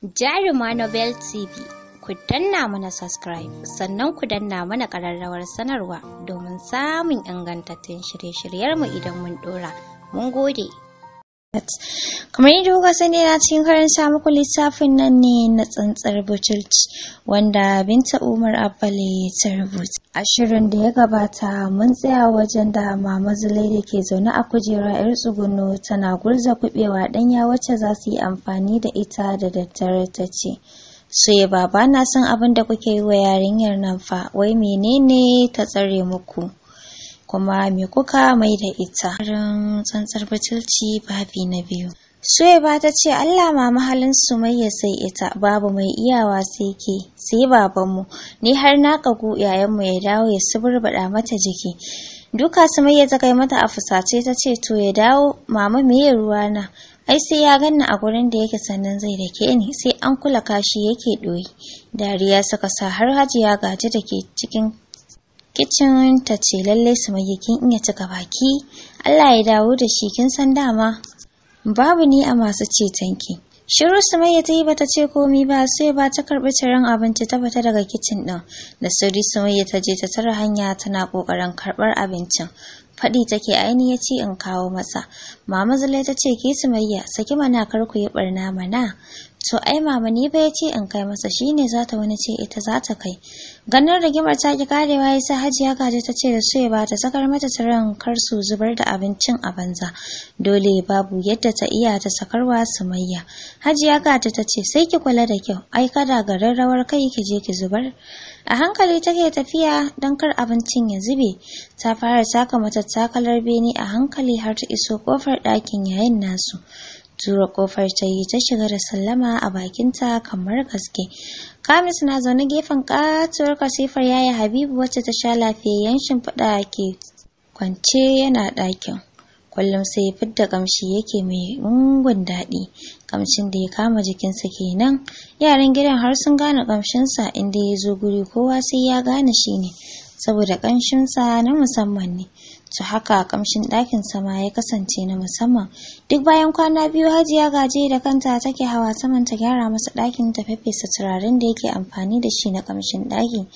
Jaruma Nobel TV ku danna mana subscribe sannan ku danna mana kararrawar sanarwa domin samun ingantattun shirye-shiryarmu idan mun ɗora. Mun gode. kamar yadda kuka sani na cikin karanta muku littafin nan ne na tsantsar butulci wanda binta umar abbali ta rubuta A shirin da ya gabata mun tsaya wajen da mama Zulai da ke zaune a kujera 'yar tsuguno tana gurza kuɓewa ɗanya wacce za su yi amfani da ita da daddare ta ce. Sai baba na san abin da kuke yi wa yarinyar nan fa, wai menene ta tsare muku? Kuma me kuka mai da ita? Rin tsantsar bacilci babi na biyu. Suwaiba ta ce Allah mama halin Sumayya sai ita babu mai iyawa sai ke sai babanmu ni har na kagu yayanmu ya dawo ya suburbaɗa mata jiki duka Sumayya ta kai mata a fusace ta ce to ya dawo mama ruwa na? ai sai ya ganna a gurin da yake sannan zai dake ni sai an kula kashi yake ɗoyi dariya suka sa har hajiya gaji da ke cikin kicin ta ce lallai Sumayya kin iya cika baki Allah ya dawo da shi kin san dama babu ni a masu cetonki. Shiru Sumayya ta yi bata ce komi ba sai ba ta karɓi ciran abinci ta fita daga kicin ɗin. Da sauri Sumayya ta je ta tara hanya tana ƙoƙarin karɓar abincin. Faɗi take aini ya ce in kawo masa. Mama Zulai ta ce ke Sumayya saki mana kar ku yi ɓarna mana. to ai mama ni fa yace in kai masa shine zata zata wani ce ita zata kai ganin rigimar ta ki karewa yasa hajiya kaje ta ce da su ya ta sakar mata tiran kar su zubar da abincin a banza dole babu yadda ta iya ta sakarwa sumayya hajiya kaje ta ce sai ki kula da kyau ai kada garin rawar kai ki je ki zubar a hankali take tafiya don kar abincin ya zube ta fara taka mata takalar bene a hankali har ta iso kofar ɗakin yayin nasu turo kofar ta yi ta shiga da sallama a bakinta kamar gaske kamis na zaune gefen katuwar kasifar yaya habibu wacce ta sha lafiyayyen shimfiɗa ke kwance yana ɗakin kullum sai ya fidda kamshi yake mai ungun daɗi kamshin da ya kama jikinsa kenan yaran gidan har sun gane kamshinsa inda ya zo guri kowa sai ya gane shi ne saboda kamshinsa na musamman ne su haka kamshin ɗakin sama ya kasance na musamman duk bayan kwana biyu hajiya gaje da kanta take hawa saman ta gyara masa ɗakin ta fefesa turaren da yake amfani da shi na kamshin ɗaki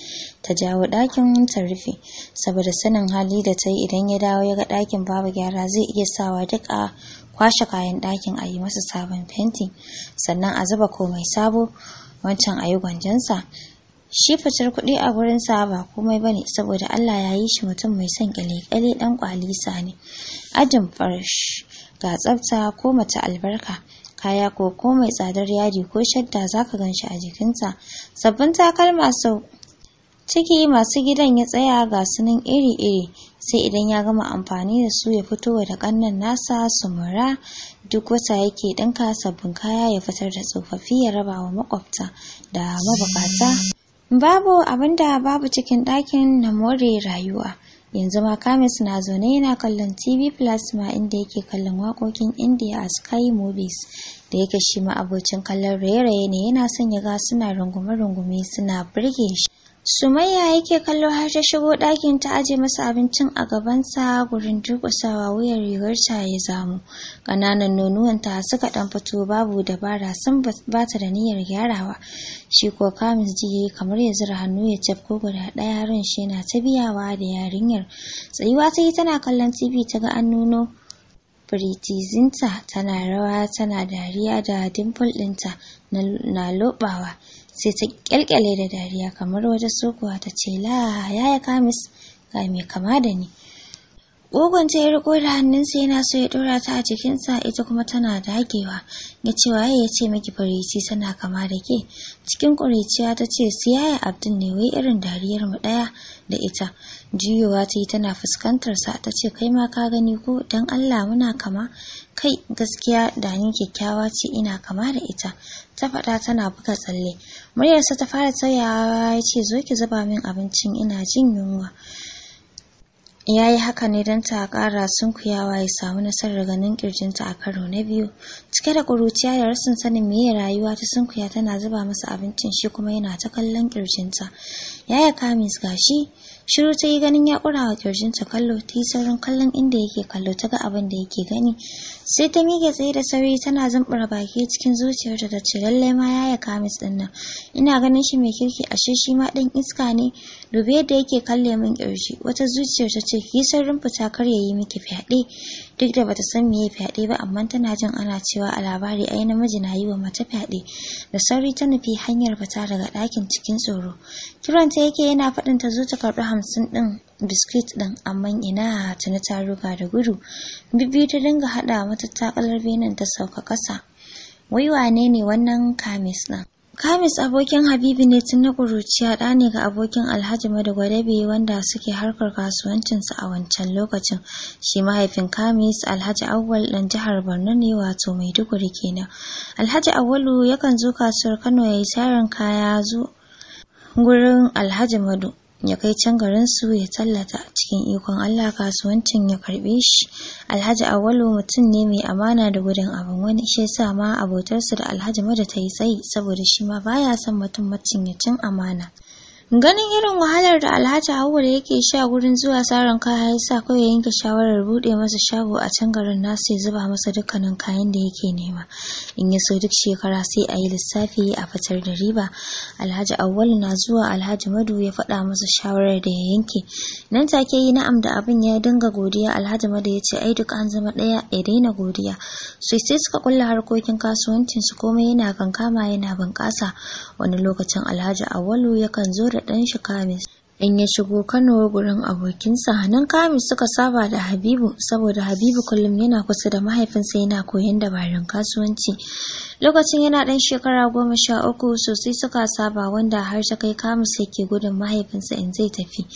ta jawo ɗakin ta rufe saboda sanin hali da ta yi idan ya dawo ya ga ɗakin babu gyara zai iya sawa duk a kwashe kayan ɗakin a yi masa sabon fenti sannan a zuba komai sabo wancan a yi gwanjansa shi fitar kuɗi a gurin sa ba komai ba ne saboda Allah ya yi shi mutum mai son ƙyale-ƙyale ɗan ƙwalisa ne ajin farsh ga tsafta ko mata albarka kaya ko ko mai tsadar yadi ko shadda zaka ganshi a jikinsa sabbin takalma sau ciki masu gidan ya tsaya ga sunan iri-iri sai idan ya gama amfani da su ya fito da kannan nasa su mura duk wata yake ɗinka sabbin kaya ya fitar da tsofaffi ya raba wa makwabta da mabukata Babu abinda babu cikin ɗakin na more rayuwa. Yanzu ma Kamis na zaune yana kallon TV Plasma inda yake kallon waƙoƙin India a Sky Movies da yake shi ma abocin kallon raye-raye ne yana son ya ga suna rungume-rungume suna birge shi. Sumayya yake kallo har ta shigo ɗakin ta aje masa abincin a gabansa gurin durƙusawa wuyar rigarta ya zamu. Ƙananan ta suka ɗan fito babu dabara sun ba ta da niyyar gyarawa. Shi ko kamis ji yayi kamar ya zura hannu ya cafko guda ɗaya ran shi na ta biyawa da yarinyar. Tsayuwa ta yi tana kallon TV ta ga an nuno firitizinta tana rawa tana dariya da dimple ɗinta na loɓawa. sai ta kyalkyale da dariya kamar wata sokuwa ta ce la yaya kamis ga mai kama da ni ta yi riko da hannunsa yana so ya dora ta a jikinsa ita kuma tana dagewa. Ya ce waye ya ce miki farici tana kama da ke. Cikin ƙuriciya ta ce su yaya Abdul ne wai irin dariyar mu ɗaya da ita. Juyowa ta yi tana fuskantar sa ta ce kai ma ka gani ko dan Allah muna kama. Kai gaskiya da ni kyakkyawa ce ina kama da ita. Ta faɗa tana buga tsalle. Muryarsa ta fara tsayawa ya ce zo ki zuba min abincin ina jin yunwa. ya yi haka ne don ta ƙara sunkuyawa ya samu nasarar ganin ƙirjinta a karo na biyu cike da ƙuruciya da rasin sanin meye rayuwa ta sunkuya tana zuba masa abincin shi kuma yana ta kallon ƙirjinta ya yi kamis gashi shiru ta yi ganin ya ƙura wa ƙirjinta kallo ta yi saurin kallon inda yake kallo ta ga abin da yake gani sai ta miƙe tsaye da sauri tana zumbura baki cikin zuciyarta da ce lalle ma ya yi kamis ɗin ina ganin shi mai kirki a shi ma ɗan iska ne dubi yadda yake kalle min ƙirji wata zuciyar ta ce ki saurin fita kar ya yi miki fyaɗe duk da bata san meye fyaɗe ba amma tana jin ana cewa a labari ai namiji na yi wa mace fyaɗe da sauri ta nufi hanyar fita daga ɗakin cikin tsoro kiranta yake yana faɗin ta zo ta karɓi hamsin ɗin biskit ɗin amma ina tuni ta ruga da gudu biyu ta dinga haɗa mata takalar benin ta sauka ƙasa wai wane ne wannan kamis ɗin Kamis abokin Habibu ne tun na ƙuruciya ɗa ne ga abokin Alhaji Madagwarebe wanda suke harkar kasuwancinsa a wancan lokacin. Shi mahaifin Kamis Alhaji Awwal ɗan jihar Borno ne wato Maiduguri kenan. Alhaji Awwalu yakan zo kasuwar Kano ya yi sayar kaya zu gurin Alhaji Madu. ya kai can garin su ya tallata cikin ikon Allah kasuwancin ya karbe shi Alhaji awalu mutum ne mai amana da gudun abin wani shi yasa ma abotarsa da Alhaji Mada ta yi tsayi saboda shi ma baya son mutum ya cin amana Ganin irin wahalar da Alhaji Hauwa da yake sha gurin zuwa tsarin kaya ya sa kawai yanke shawarar buɗe masa shago a can garin nasu ya zuba masa dukkanin kayan da yake nema. In ya so duk shekara sai a yi lissafi a fitar da riba. Alhaji Awwal na zuwa Alhaji Madu ya faɗa masa shawarar da ya yanke. Nan take yi na'am da abin ya dinga godiya Alhaji Madu ya ce ai duk an zama ɗaya ya daina godiya. Sai suka kulla harkokin kasuwancinsu komai yana kankama yana bunƙasa. Wani lokacin Alhaji Auwalu yakan zo da ɗan shi kamis in ya shigo kano gurin abokinsa nan kamis suka saba da habibu saboda habibu kullum yana kusa da mahaifinsa yana koyon dabarun kasuwanci lokacin yana ɗan shekara goma sha uku sosai suka saba wanda har ta kai kamis yake gudun mahaifinsa in zai tafi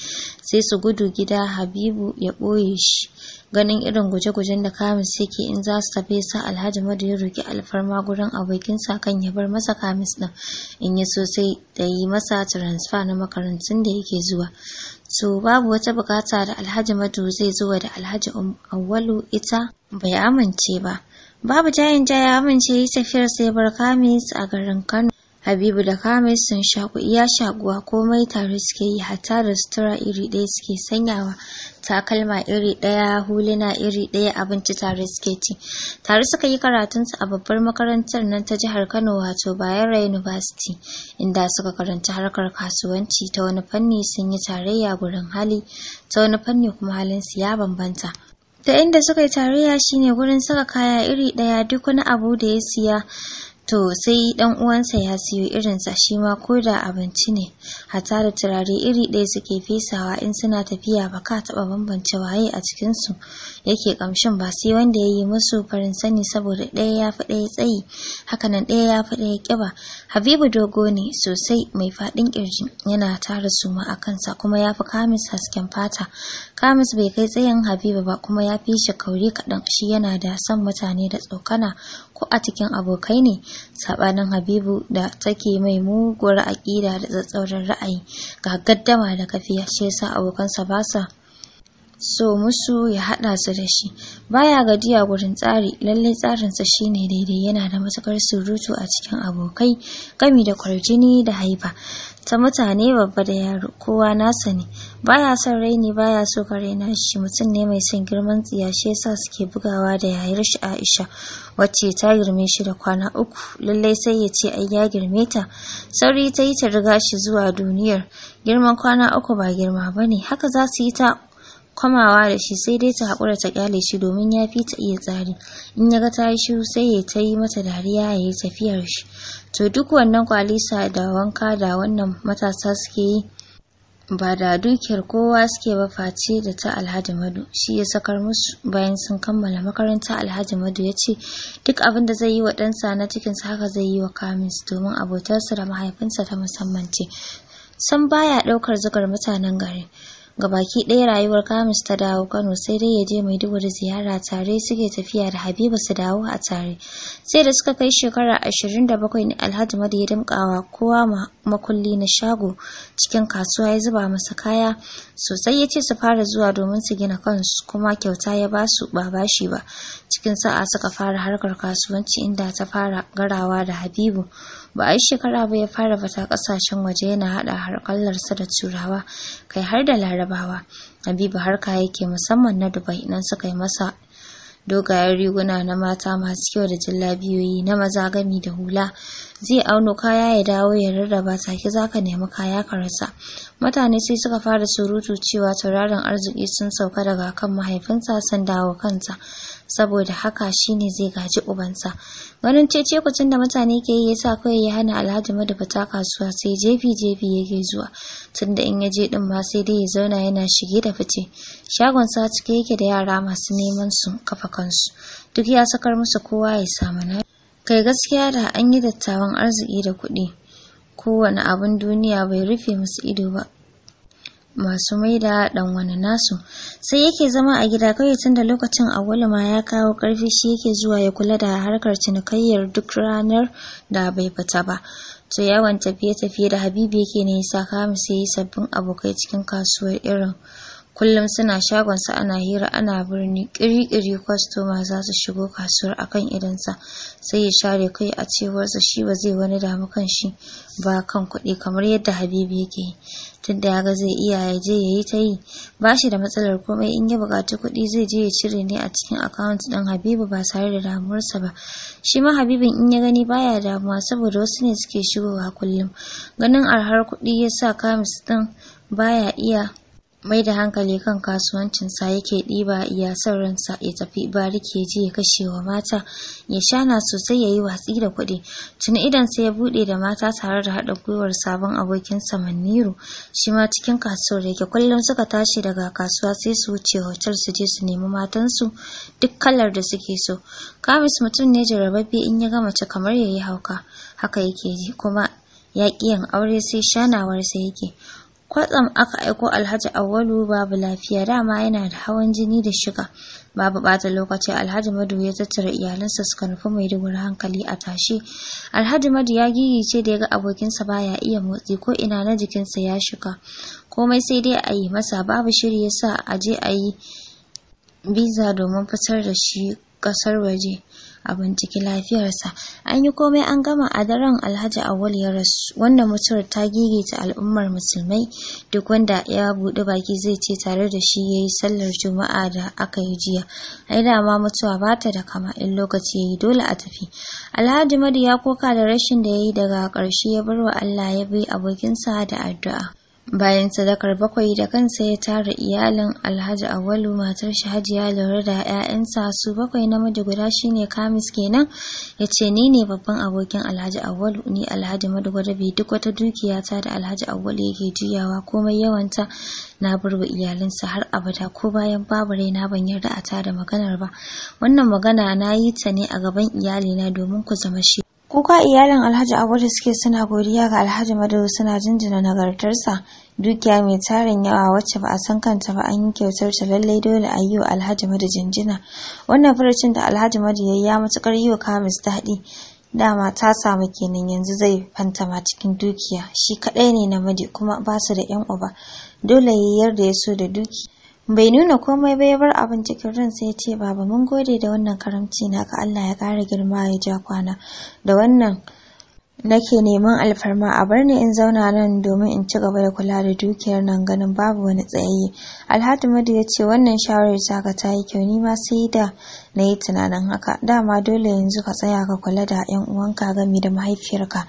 sai su gudu gida habibu ya ɓoye shi ganin irin guje-gujen da kamis yake in za su tafi sa alhaji madu ya roki alfarma gurin abokinsa kan ya bar masa kamis din in ya so sai da yi masa transfer na makarantun da yake zuwa so babu wata bukata da alhaji madu zai zuwa da alhaji awwalu ita bai amince ba babu jayin jaya amince yi tafiyar sai bar kamis a garin kano Habibu da Kamis sun shaku iya shakuwa komai tare suke yi hatta da sutura iri ɗaya suke sanyawa takalma iri ɗaya huluna iri ɗaya abinci tare suke ci tare suka yi karatunsu a babbar makarantar nan ta jihar Kano wato Bayero University inda suka karanci harkar kasuwanci ta wani fanni sun yi tarayya gurin hali ta wani fanni kuma halin su ya bambanta ta inda suka yi tarayya shine gurin saka kaya iri ɗaya duk wani abu da ya siya to sai dan uwansa ya siyo irinsa shi ma ko da abinci ne hata da turare iri ɗaya suke fesawa in suna tafiya ba ka taɓa bambance waye a cikinsu yake kamshin ba sai wanda ya yi musu farin sani saboda ɗaya ya fi ɗaya tsayi hakanan ɗaya ya fi ɗaya ƙiba habibu dogo ne sosai mai faɗin ƙirji yana tara suma a kansa kuma ya fi kamis hasken fata Kamis bai kai tsayin Habiba ba kuma ya fi shi kauri kaɗan shi yana da son mutane da tsokana ko a cikin abokai ne saɓanin Habibu da take mai muguwar aƙida da tsatsauran ra'ayi ga gaddama da kafiya shi yasa abokansa ba sa so musu ya haɗa su da shi baya gajiya gurin tsari lallai tsarinsa shine daidai yana da matukar surutu a cikin abokai gami da kwarjini da haifa ta mutane babba da yaro kowa nasa ne baya son raini baya so kare na shi mutum ne mai son girman tsiya shi yasa suke bugawa da yayar shi Aisha wacce ta girme shi da kwana uku lallai sai ya ce ai ya girme ta sauri ta yi ta riga shi zuwa duniyar girman kwana uku ba girma bane haka za su yi ta kwamawa da shi sai dai ta haƙura ta kyale shi domin ya fi ta iya tsari in ya ga ta sai ya ta yi mata dariya ya yi tafiyar shi to duk wannan kwalisa da wanka da wannan matasa suke yi ba da dukiyar kowa suke ba face da ta alhaji madu shi ya sakar musu bayan sun kammala makaranta alhaji madu ya ce duk abin da zai yi wa ɗansa na cikinsa haka zai yi wa kamis domin abotarsa da mahaifinsa ta musamman ce san baya ɗaukar zugar mutanen gari ga baki ɗaya rayuwar Kamis ta dawo Kano sai dai ya je mai Maiduguri ziyara tare suke tafiya da Habiba su dawo a tare. Sai da suka kai shekara ashirin da bakwai ne Alhaji Madu ya damƙawa kowa makulli na shago cikin kasuwa ya zuba masa kaya sosai ya ce su fara zuwa domin su gina kansu kuma kyauta ya ba su ba bashi ba. Cikin sa'a suka fara harkar kasuwanci inda ta fara garawa da Habibu. ba a yi shekara ba ya fara fita kasashen waje yana hada harkallarsa da turawa kai har da larabawa habibu harka yake musamman na dubai nan suka yi masa dogayen riguna na mata masu kyau da jillabiyoyi na maza gami da hula zai auno kaya ya dawo ya rarraba take za ka nemi kaya ka rasa mutane sai suka fara surutu cewa tauraron arziki sun sauka daga kan mahaifinsa sun dawo kansa saboda haka shine zai gaji ubansa ganin cece kucin da mutane ke yi yasa kawai ya hana alhaji madu fita kasuwa sai jefi jefi yake zuwa tunda in ya je din ma sai dai ya zauna yana shige da fice shagon sa cike yake da yara masu neman su kafa kansu duk ya sakar musu kowa ya samu na Kai gaskiya da an yi dattawan arziki da kuɗi, kowane abun duniya bai rufe musu ido ba. Masu maida ɗan wani nasu, sai yake zama a gida kawai tun da lokacin awwalu ma ya kawo ƙarfi shi yake zuwa ya kula da harkar cinikayyar duk ranar da bai fita ba. To yawan tafiye-tafiye da Habibu yake ne ya sa Kamis ya yi sabbin abokai cikin kasuwar irin. Kullum suna shagonsa ana hira ana birni ƙiri-ƙiri kwastoma za su shigo kasuwar akan kan sai ya share kai a cewarsa shi ba zai wani damu kan shi ba kan kuɗi kamar yadda Habibu yake yi. Tun da ya ga zai iya ya je ya yi ta yi, ba shi da matsalar komai in ya buƙaci kuɗi zai je ya cire ne a cikin akawunt ɗin Habibu ba tare da damuwarsa ba. Shi ma Habibin in ya gani baya damuwa saboda wasu ne suke shigowa kullum. Ganin arhar kuɗi ya sa kamis ɗin baya iya mai da hankali kan kasuwancinsa yake ɗiba iya son ransa ya tafi bariki ya ji ya kashewa mata ya shana sosai ya yi watsi da kuɗi tuni idan sai ya buɗe da mata tare da haɗa gwiwar sabon abokinsa maniru shi ma cikin kasuwar yake kullum suka tashi daga kasuwa sai su wuce hotel su je su nemi matansu duk kalar da suke so kamis mutum ne jarababbe in ya gama mace kamar ya yi hauka haka yake ji kuma ya ƙi yin aure sai shanawarsa yake kwatsam aka aiko alhaji awalu babu lafiya dama yana da hawan jini da shiga babu bata lokaci alhaji madu ya tattara iyalansa suka nufi mai maiduguri hankali a tashi alhaji madu ya gigice da ya ga abokinsa baya iya motsi ko ina na jikinsa ya shiga komai sai dai a yi masa babu shiri ya sa a je a yi biza domin fitar da shi ƙasar waje a binciki lafiyarsa an yi komai an gama a daren alhaji Awul ya rasu wannan mutuwar ta gigita al'ummar musulmai duk wanda ya buɗe baki zai ce tare da shi ya yi sallar juma'a da aka yi jiya ai da ma mutuwa ba ta da kama in lokaci ya yi dole a tafi alhaji madu ya koka da rashin da ya yi daga ƙarshe ya bar wa allah ya bi abokinsa da addu'a Bayan sadakar bakwai da kansa ya tara iyalin Alhaji Awalu matar shi Hajiya Lura da ‘ya'yansa su bakwai namiji guda shine Kamis kenan ya ce ni ne babban abokin Alhaji Awalu ni Alhaji Madugwada bai duk wata dukiya ta da Alhaji Awalu yake juyawa komai yawanta na burba iyalinsa har abada ko bayan babu raina ban yarda a tada maganar ba wannan magana na yi ta ne a gaban iyalina domin ku zama shi Kuka iyalin Alhaji Auwadu suke suna godiya ga Alhaji Madu suna jinjina nagartarsa, dukiya mai tarin yawa wacce ba a san kanta ba an yi kyautar ta lallai dole a yi wa Alhaji Madu jinjina. Wannan furucin da Alhaji Madu ya yi ya matukar yi wa Kamis daɗi. Dama ta samu kenan yanzu zai fantama cikin dukiya, shi kaɗai ne na Madi kuma ba su da ‘yan uba, dole ya yarda ya so da duki. bai nuna komai ba ya bar abin cikin ran ya ce baba mun gode da wannan karamci naka Allah ya kara girma ya ja kwana da wannan nake neman alfarma a bar ni in zauna nan domin in ci gaba da kula da dukiyar nan ganin babu wani tsayayye alhaji madu ya ce wannan shawarar ka ta yi kyau ni ma sai da na yi tunanin haka dama dole yanzu ka tsaya ka kula da yan uwanka gami da mahaifiyarka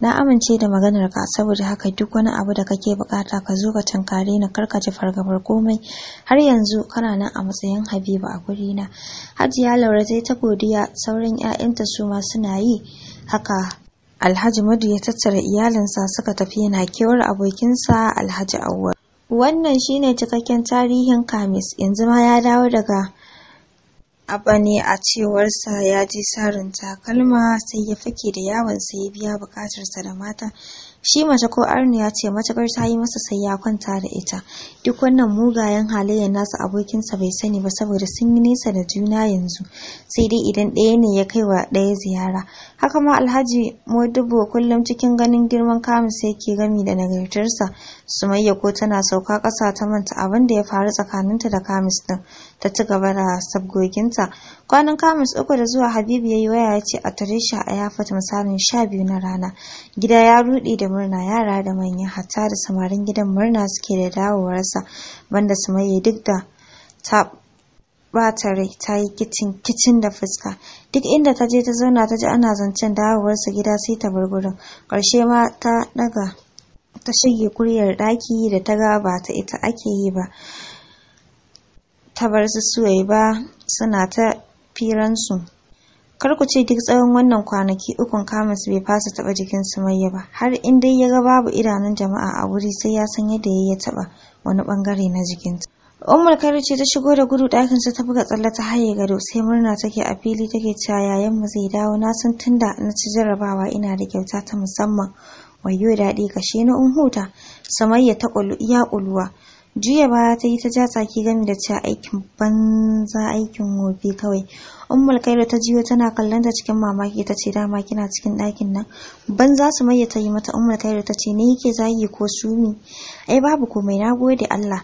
na amince da maganar ka saboda haka duk wani abu da kake bukata ka zo ka tankare ni kar ka ji fargabar komai har yanzu kana nan a matsayin habiba a guri na hajiya laura zai ta godiya sauran 'ya'yanta su ma suna yi haka alhaji madu ya tattara iyalinsa suka tafi yana kewar abokinsa alhaji awwal wannan shine cikakken tarihin kamis yanzu ma ya dawo daga Abba ne a cewarsa ya ji sarin takalma sai ya fake da yawon sai ya biya bukatarsa da mata. shi mace ko ya ce matakar ta yi masa sai ya kwanta da ita duk wannan mugayen halayyar nasa abokinsa bai sani ba saboda sun yi nesa da juna yanzu sai dai idan ɗaya ne ya kai wa ɗaya ziyara haka ma alhaji modibo kullum cikin ganin girman kamun sai ke gami da nagartarsa sumayya ko tana sauka ƙasa ta manta abin da ya faru tsakaninta da kamis din ta ci gaba da sabgoginta kwanan kamis uku da zuwa habibu ya yi waya ya ce a tare shi a misalin sha biyu na rana gida ya ruɗe da murna yara da manya hatta da samarin gidan murna suke da dawowarsa banda su maye duk da ta bata rai ta yi kicin kicin da fuska duk inda ta je ta zauna ta ji ana zancen dawowarsa gida sai ta bar gurin karshe ma ta daga ta shige kuryar ɗaki da ta ga ba ta ita ake yi ba ta bar su suwai ba suna ta firansu Kar ku ce duk tsawon wannan kwanaki ukun Kamus bai fasa taɓa jikin Sumayya ba, har in dai ya ga babu idanun jama'a a wuri sai ya san yadda ya taɓa wani ɓangare na jikinta. umar Kare ce ta shigo da gudu ɗakin ta buga tsalle ta haye gado sai murna take a fili take cewa yayan mu zai dawo na san tunda na ci jarrabawa ina da kyauta ta musamman. wayo daɗi kashe na in huta. Samayya ta ƙulu iya ƙuluwa. jiya ba ta yi ta ja tsaki gami da cewa aikin banza aikin gobe kawai. Ummul Kairu ta jiyo tana kallon ta cikin mamaki ta ce dama kina cikin ɗakin nan. Banza su maye ta yi mata Ummul Kairu ta ce ne yake zagi ko sumi. Ai babu komai na gode Allah.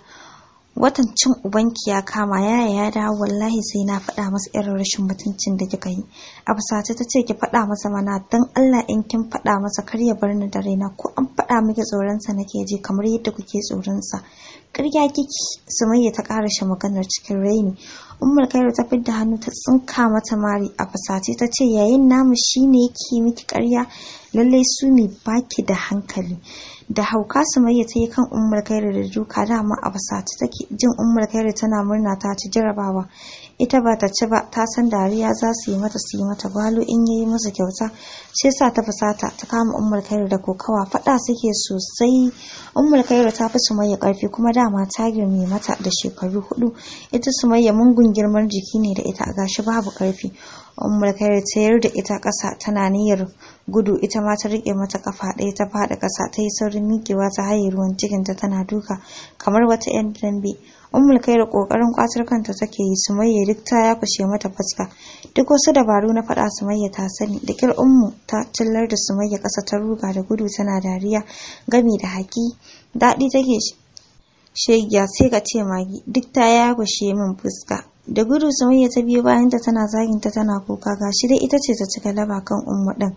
Watan cin ubanki ya kama yaya ya dawo wallahi sai na faɗa masa irin rashin mutuncin da kika yi. A fusace ta ce ki faɗa masa mana dan Allah in kin faɗa masa kar ya bar ni da raina ko an faɗa miki tsoronsa nake ji kamar yadda kuke tsoronsa. sa. ƙarya kiki sumayya ta ƙara shi maganar cikin raini Umar kairu ta da hannu ta tsinka mata mari a fasati ta ce yayin namu shine yake miki ƙarya lallai su ne baki da hankali da hauka sumayya ta yi kan Umar kairu da duka dama a ta take jin Umar kairu tana murna ta ci jarabawa ita ba ta ci ba ta san dariya za su yi mata su yi mata gwalo in ya yi musu kyauta sai sa ta fusata ta kama umar kairu da kokawa faɗa suke sosai umar kairu ta fi sumayya ƙarfi kuma dama ta girme mata da shekaru hudu ita sumayya mungun girman jiki ne da ita gashi babu ƙarfi umar kairu ta yar da ita ƙasa tana niyyar gudu ita ma ta riƙe mata ƙafa ɗaya ta faɗa ƙasa ta yi saurin miƙewa ta haye ruwan cikinta tana duka kamar wata 'yan dambe ummul da kokarin kwatar kanta take yi sumayya duk ta kushe mata fuska duk wasu dabaru na faɗa sumayya ta sani da kir ummu ta cillar da sumayya ƙasa ta ruga da gudu tana dariya gami da haki daɗi take shegiya sai ka ce magi duk ta kushe min fuska da gudu sumayya ta biyo ta tana zaginta tana kuka gashi dai ita ce ta cika laba kan ummu ɗin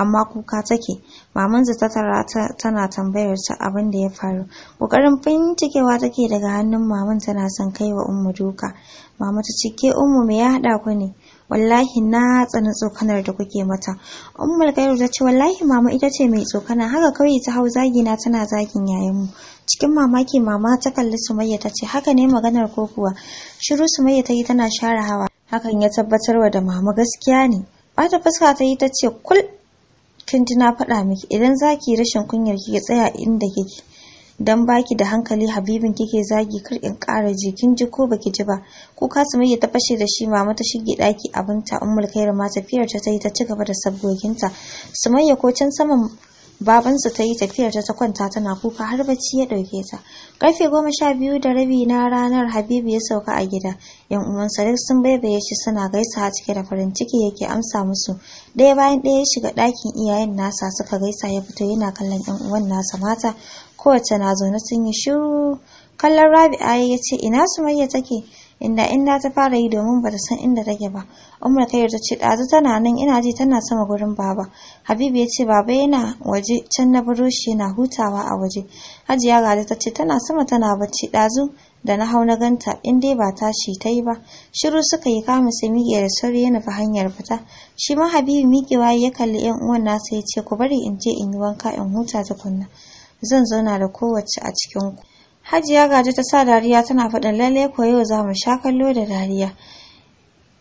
amma kuka take maman ta tara tana tambayar ta abin da ya faru kokarin bincikewa take daga hannun maman tana son kai wa ummu duka mama ta cike ummu me ya hada ku ne wallahi na tsani tsokanar da kuke mata ummu gairu ta ce wallahi mama ita ce mai tsokana haka kawai ta hau zagi na tana zagin mu cikin mamaki mama ta kalli sumayya ta ce haka ne maganar ko kuwa shiru sumayya ta yi tana share hawa hakan ya tabbatarwa da mama gaskiya ne bata fuska ta yi ta ce kul kin ji na faɗa miki idan zaki rashin kunyar ki tsaya inda kike dan baki da hankali habibin kike zagi kar in ƙara ji kin ji ko baki ji ba ko kasumi ta fashe da shi mama ta shige daki abinta ummul khair ma tafiyar ta tayi ta ci gaba da sabgoginta sumayya ko can saman Babansa ta yi tafiyar ta kwanta tana kuka har bacci ya ɗauke ta karfe goma sha biyu da rabi na ranar habibu ya sauka a gida yan uwan sadiq sun baibaye shi suna gaisawa cike da farin ciki yake amsa musu ɗaya bayan ɗaya ya shiga ɗakin iyayen nasa suka gaisa ya fito yana kallon yan uwan nasa mata kowace na zaune sun yi shiru kallon rabi'a ya ce ina sumayya take inda inda ta fara yi domin bata san inda take ba umar ta ce ɗazu tana nan ina ji tana sama gurin baba habibu ya ce baba yana waje can na buro shi yana hutawa a waje hajiya gada ta ce tana sama tana bacci ɗazu da na hau na ganta in dai ba tashi ta yi ba shiru suka yi kama sai miƙe da sauri ya nufi hanyar fita shi ma habibu miƙewa ya kalli yan uwan nasa ya ce ku bari in je in yi wanka in huta tukunna zan zauna da kowace a cikin ku Hajiya Gaji ta sa dariya tana faɗin lalle ko yau za mu sha kallo da dariya.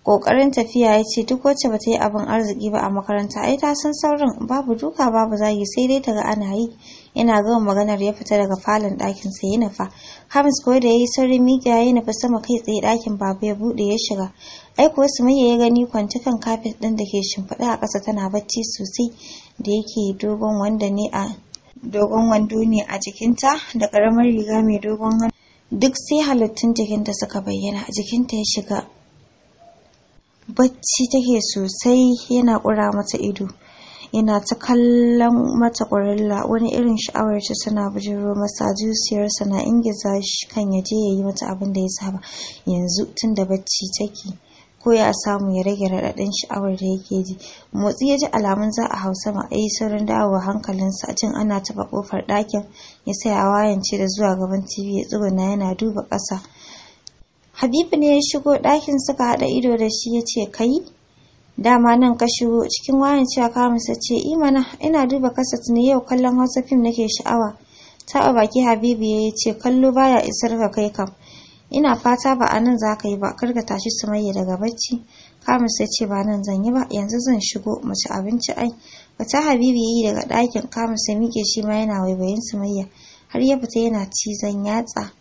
Ƙoƙarin tafiya ya ce duk wacce bata yi abin arziki ba a makaranta ai ta san saurin babu duka babu zagi sai dai ta ga ana yi. Yana gama maganar ya fita daga falon ɗakin sai ya nufa. Hamis ko da ya yi saurin miƙa ya nufi sama kai tsaye ɗakin babu ya buɗe ya shiga. Ai kuwa Sumayya ya gani kwanci kan kafet ɗin da ke shimfiɗa a ƙasa tana bacci sosai da yake dogon wanda ne a dogon wando ne a jikinta da ƙaramar riga mai dogon hannu duk sai halittun jikinta suka bayyana a jikinta ya shiga bacci take sosai yana ƙura mata ido yana ta kallon mata ƙurilla wani irin sha'awar ta tana bujiro masa zuciyarsa na ingiza shi kan ya je ya yi mata abin da ya saba yanzu tun da bacci take ko ya samu ya rage raɗaɗin sha'awar da yake ji motsi ya ji alamun za a hau sama a yi saurin dawowa hankalinsa jin ana taɓa ƙofar ɗakin ya saya wayance da zuwa gaban tv ya tsuguna yana duba ƙasa habibu ne ya shigo ɗakin suka haɗa ido da shi ya ce kai dama nan ka shigo cikin wayan cewa kamusa ce imana ina duba kasat ne yau kallon hausa fim nake sha'awa taɓa baki habibu ya ce kallo baya isar ka kai kam ina fata ba a nan za ka yi ba kar ka tashi sumayya daga bacci kamus ya ce ba nan zan yi ba yanzu zan shigo mu ci abinci ai fita Habibu ya yi daga ɗakin kamus ya mike shi ma yana waiwayin sumayya har ya fita yana cizon yatsa